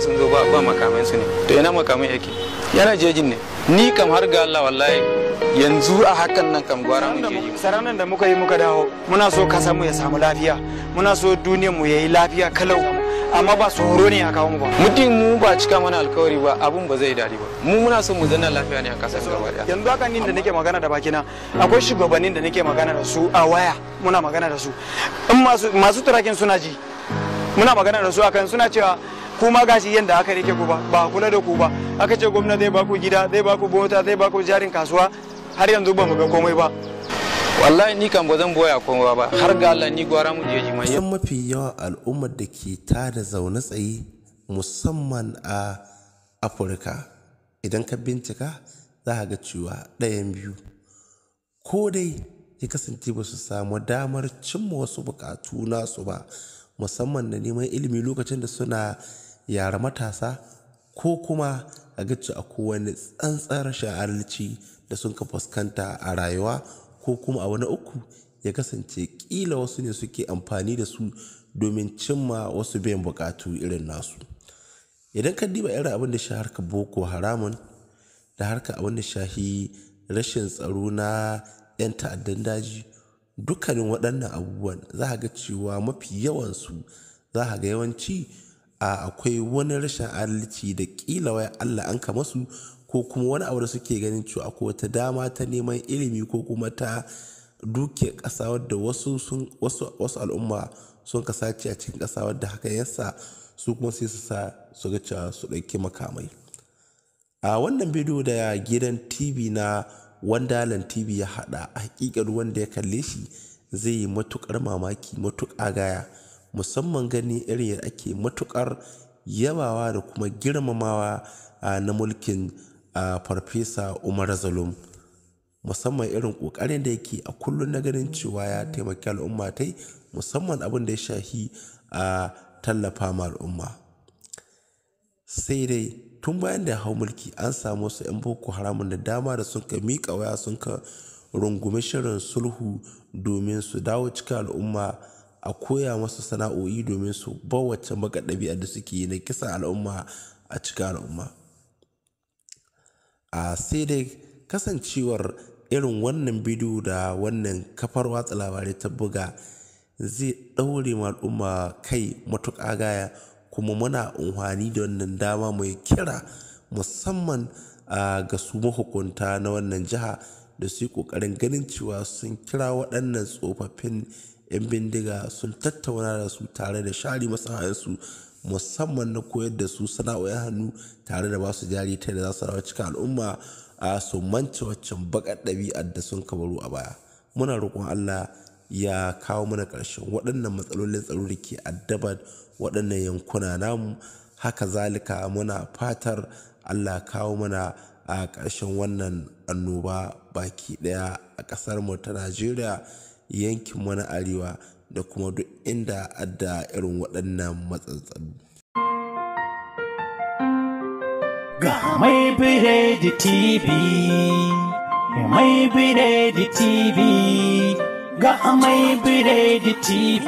sun zo ba makamai su ne to yana makamai yake yana jejin ne ni kam har ga Allah wallahi yanzu a hakan nan kam gwara mu jeji saranan da muka yi muka dawo muna so kasa mu ya samu lafiya muna so duniyar mu yayi lafiya kalau amma ba tsoro ne a kawo mu ba mutum mu ba cika mana alkawari ba abun ba zai dadi ba mu muna so mu zanna lafiya ne a kasar gaba daya yanzu haka ni da nake magana da bakina akwai shugabannin da nake magana da su a waya muna magana da su in masu masu turakin suna ji muna magana da su akan suna cewa kuma gashi yadda aka rike ku ba ba kula da ku ba aka ce gwamna zai baku gida zai baku bota zai baku jarin kasuwa har yanzu ba mu ga komai ba wallahi ni kan ba zan boya komai ba har ga Allah ni gwara mu je jima'i san mafi yawa al'ummar da ke tada zaune tsaye musamman a Afirka idan ka bincika za ka ga cewa ɗayan biyu ko dai ya kasance ba su samu damar cimma wasu bukatu nasu ba musamman na neman ilimi lokacin da suna yara matasa ko kuma a gaci a kowane tsantsar sha'arci da sun ka fuskanta a rayuwa ko kuma a wani uku ya kasance kila wasu ne suke amfani da su domin cimma wasu biyan bukatu irin nasu idan ka diba irin abin da shi harka boko haramun da harka abin da shahi rashin tsaro na 'yan ta'addan daji dukkanin waɗannan abubuwan za ga cewa mafi yawansu za ga yawanci a akwai wani rashin adalci da ƙila waya Allah an ka masu ko kuma wani abu da suke ganin cewa akwai wata dama ta neman ilimi ko kuma ta duke ƙasa wadda wasu al'umma sun kasace a cikin ƙasa wadda haka yasa su kuma sai su sa su ga cewa su ɗauki makamai a wannan bidiyo da gidan tv na wandalan tv ya haɗa a wanda ya kalle shi zai yi matukar mamaki matuƙa gaya musamman gani irin yadda ake matukar yabawa da kuma girmamawa na mulkin Farfesa Umar zalum Musamman irin kokarin da yake a kullum na ganin cewa ya taimaki al'umma yi musamman abin da ya shahi a tallafa ma al'umma. Sai dai tun bayan da hau mulki an samu su 'yan boko haramun da dama da sun ka miƙa waya sun ka rungumi shirin sulhu domin su dawo cikin al'umma a koya masu sana'o'i domin su bawace maka ɗabi'ar da suke yi na kisa al'umma a cikin al'umma a sai dai kasancewar irin wannan bidiyo da wannan kafar watsa labarai ta buga zai ɗaure ma al'umma kai matuƙa gaya kuma muna unhwani da wannan dama mai kira musamman ga su mahukunta na wannan jiha da su yi ƙoƙarin ganin cewa sun kira waɗannan tsofaffin 'yan bindiga sun tattauna da su tare da shari masana'ansu musamman na koyar da su sana'o'in hannu tare da basu jari ta da za su rawa cikin al'umma a su mance waccan bakar ɗabi'ar da sun kabaru a baya muna roƙon allah ya kawo mana ƙarshen waɗannan matsalolin tsaro da ke addabar waɗannan yankuna namu haka zalika muna fatar allah kawo mana a ƙarshen wannan annoba baki ɗaya a ƙasar mu ta najeriya yankin mana arewa da kuma duk inda adda irin waɗannan matsatsalu. Ga mai biredi TV, mai biredi TV, ga mai biredi TV,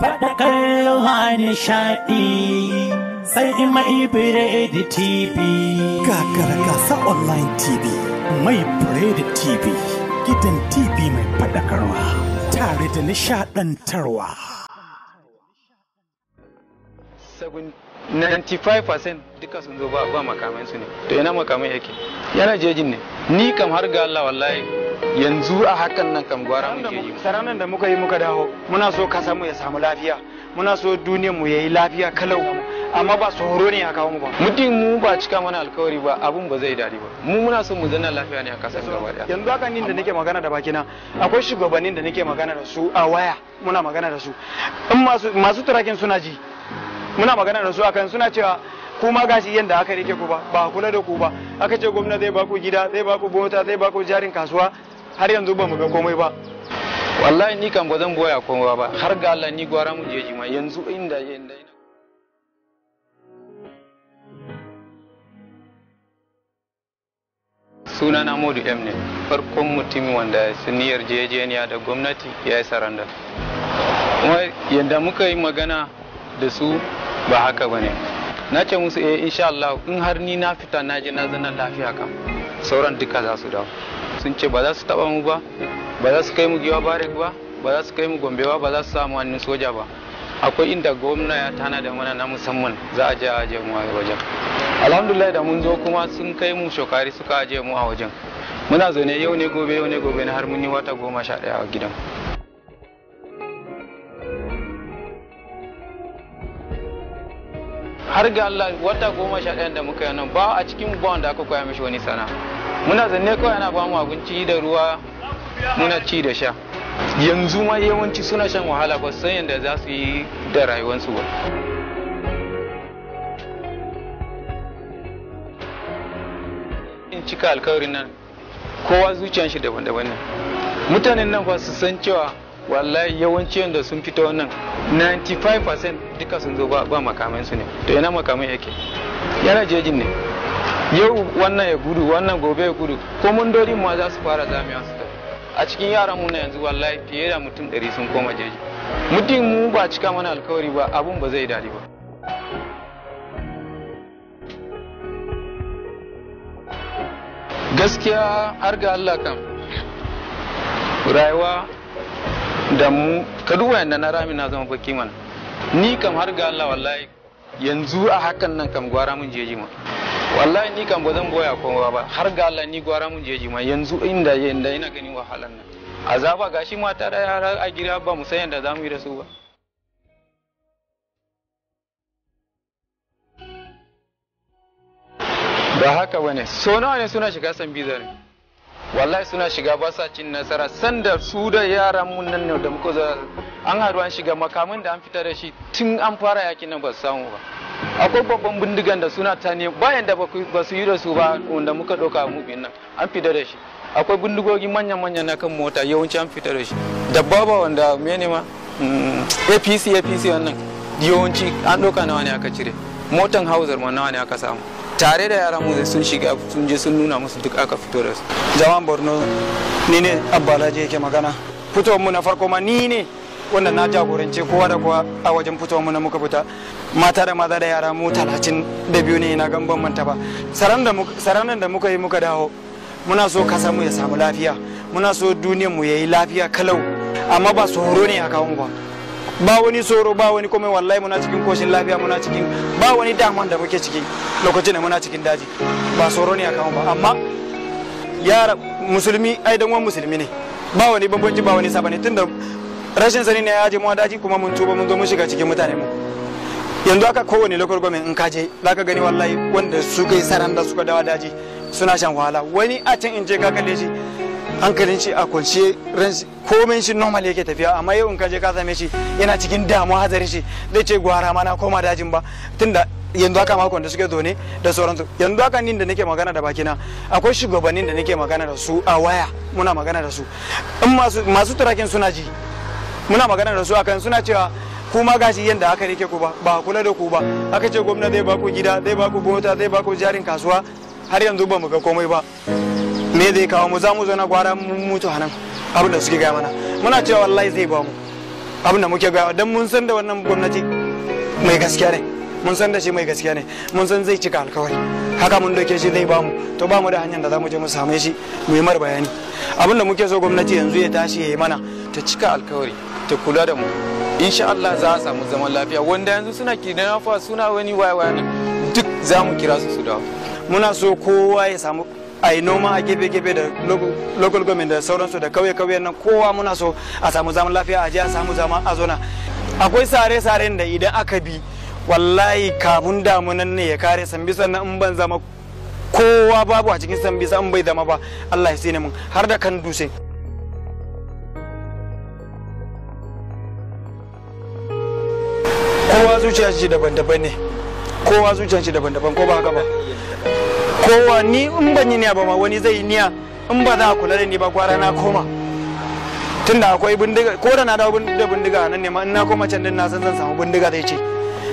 faɗakar ruwa nishaɗi. sai in mai biredi TV. Ga gasa online TV, mai biredi TV. gidan TV mai fadakarwa tare da nishaɗantarwa. 95% duka sun zo ba makamai su ne to yana makamai yake yana jejin ne ni kam har ga Allah wallahi yanzu a hakan nan kam gwara mu jeji yi saranan da muka yi muka dawo muna so ka samu ya samu lafiya muna so duniyar mu yayi lafiya kalau amma ba tsoro ne a kawo mu ba mutum mu ba cika mana alkawari ba abun ba zai dadi ba mu muna so mu zanna lafiya ne a kasar gaba daya yanzu haka ni da nake magana da bakina akwai shugabannin da nake magana da su a waya muna magana da su in masu masu turakin suna ji muna magana da su akan suna cewa kuma gashi yadda aka rike ku ba ba kula da ku ba aka ce gwamna zai baku gida zai baku mota zai baku jarin kasuwa har yanzu ba mu ga komai ba wallahi ni kam ba zan goya kowa ba har ga Allah ni gwara mu je jima yanzu inda inda suna na modu m ne farkon mutumin wanda ya niyyar jejeniya da gwamnati ya yi saranda kuma yadda muka yi magana da su ba haka ba ne na ce musu eh insha Allah in har ni na fita na je na zana lafiya kam sauran duka za su dawo sun ce ba za su taba mu ba ba za su kai mu giwa barik ba ba za su kai mu gombe ba ba za su samu hannun soja ba akwai inda gwamna ya tana da mana na musamman za a je a je mu a wajen alhamdulillah da mun zo kuma sun kai mu shokari suka je mu a wajen muna zaune yau ne gobe yau ne gobe na har mun yi wata goma sha daya a gidan har ga Allah wata goma sha ɗayan da muka yi nan ba a cikin bawan da aka koya mishi wani sana'a muna zanne kawai ana bamu abinci da ruwa muna ci da sha yanzu ma yawanci suna shan wahala ba san yadda za su yi da rayuwarsu ba in cika alkawarin nan kowa zuciyar shi daban-daban ne mutanen nan ba su san cewa wallahi yawanci yadda sun fito wannan 95% duka sun zo ba makamansu ne to yana makamai yake yana jejin ne yau wannan ya gudu wannan gobe ya gudu ko dori ma za su fara zamiya su tafi a cikin yaran mu na yanzu wallahi fiye da mutum ɗari sun koma jeji mutum mu ba cika mana alkawari ba abun ba zai dadi ba gaskiya har ga Allah kan rayuwa da mu ka duba yadda na rami na zama baki mana ni kam har ga Allah wallahi yanzu a hakan nan kam gwara mun jeji ma wallahi ni kan bazan zan boya kowa ba har ga Allah ni gwara mun je jima yanzu inda inda ina ganin wahalan nan azaba gashi mata da yara a gida ba mu san yadda zamu yi da su ba ba haka bane so nawa ne suna shiga san biza ne wallahi suna shiga ba sa cin nasara sanda su da yaran mun nan ne da muka an haɗu an shiga makamin da an fita da shi tun an fara yakin nan ba su samu ba akwai babban bindigan da suna ta ne bayan da ba su yi da su ba wanda muka ɗauka a mubin nan an fita da shi akwai bindigogi manya-manya na kan mota yawanci an fita da shi dabba ba wanda mene ma mm, apc apc wannan yawanci an ɗauka nawa ne aka cire motan hausar ma nawa ne aka samu tare da yaran mu sun shiga sun je sun nuna musu duk aka fito da su jama'an borno ni ne abbalaje yake magana fitowar mu na farko ma ni ne wannan na jagorance kowa da kowa a wajen fito mu na muka fita mata da maza da yara mu talatin da biyu ne na gan ban manta ba sarannan da muka yi muka dawo muna so kasa mu ya samu lafiya muna so duniyar mu yayi lafiya kalau amma ba tsoro ne a kawo ba ba wani tsoro ba wani komai wallahi muna cikin koshin lafiya muna cikin ba wani daman da muke ciki lokacin da muna cikin daji ba tsoro ne a kawo ba amma yara musulmi ai dan musulmi ne ba wani bambanci ba wani sabani tunda rashin sani ne ya je mu daji kuma mun tuba mun zo mun shiga cikin mutane mu yanzu aka kowane lokar gwamnati in ka je zaka gani wallahi wanda su kai saran da suka dawa daji suna shan wahala wani a can in je ka kalle shi hankalin shi a kwance komai shi normal yake tafiya amma yau in ka je ka same shi yana cikin damuwa hazari shi zai ce gwara mana koma dajin ba tunda yanzu haka makon da suke zaune da sauransu yanzu haka nin da nake magana da bakina akwai shugabannin da nake magana da su a waya muna magana da su in masu turakin suna ji muna magana da su akan suna cewa kuma gashi yadda aka rike ku ba kula da ku ba aka ce gwamna zai baku gida zai baku bota zai baku jarin kasuwa har yanzu ba mu ga komai ba me zai kawo mu za mu zo na gwara mun mutu a nan abin da suke gaya mana muna cewa wallahi zai ba mu abin da muke gaya don mun san da wannan gwamnati mai gaskiya ne mun san da shi mai gaskiya ne mun san zai cika alkawari haka mun doke shi zai bamu to bamu da hanyar da za mu je mu same shi mu yi mar bayani abin da muke so gwamnati yanzu ya tashi ya yi mana ta cika alkawari ta kula da mu insha Allah za a samu zaman lafiya wanda yanzu suna kidnapper suna wani wayewa ne duk za mu kira su su dawo muna so kowa ya samu a yi noma a gefe-gefe da local government da sauransu da kauye-kauyen nan kowa muna so a samu zaman lafiya a je a samu zaman a zona akwai sare-saren da idan aka bi wallahi kafin damunan ne ya kare sambi sannan in ban zama kowa babu a cikin sambi in bai zama ba Allah ya sine mun har da kan dutse zuciya ce daban-daban ne kowa zuciya ce daban-daban ko ba haka ba kowa ni in ban yi niya ba ma wani zai yi niya in ba za a kula da ni ba gwara na koma tunda akwai bindiga ko da na dawo da bindiga nan ne ma in na koma can din na san zan samu bindiga zai ce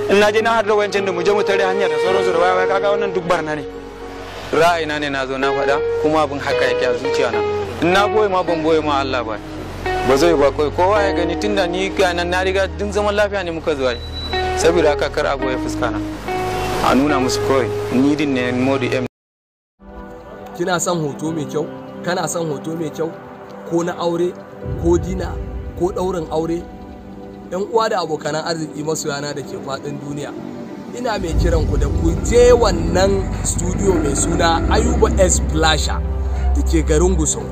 in na je na har da wancan da mu je mu tare hanya da sauransu da waya kaga wannan duk barna ne ra'ayina ne na zo na faɗa kuma abin haka yake a zuciya na in na boye ma ban boye ma Allah ba ba zai ba kowa ya gani tunda ni ga nan na riga dun zaman lafiya ne muka zuwa saboda haka kar a goya fuskana a nuna musu kawai ni ne modi m kina son hoto mai kyau kana son hoto mai kyau ko na aure ko dina ko daurin aure yan uwa da abokan arziki masu yana da ke fadin duniya ina mai kiran ku da ku je wannan studio mai suna ayuba s plasha da ke garin gusau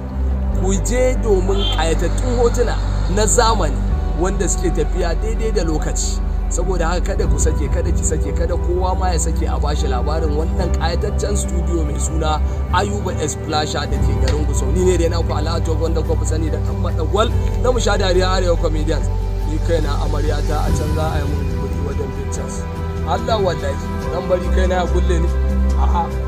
ku je domin ƙayatattun hotuna na zamani wanda suke tafiya daidai da lokaci saboda haka kada ku sake kada ki sake kada kowa ma ya sake a bashi labarin wannan kayataccen studio mai suna ayuba esplasha da ke garin gusau ni ne dai ku alato wanda ku sani da dan madagwal na musha dariya arewa comedians ni kaina amaryata a can za a yi mun wajen pictures Allah wallahi dan bari kaina ya kulle ni a'a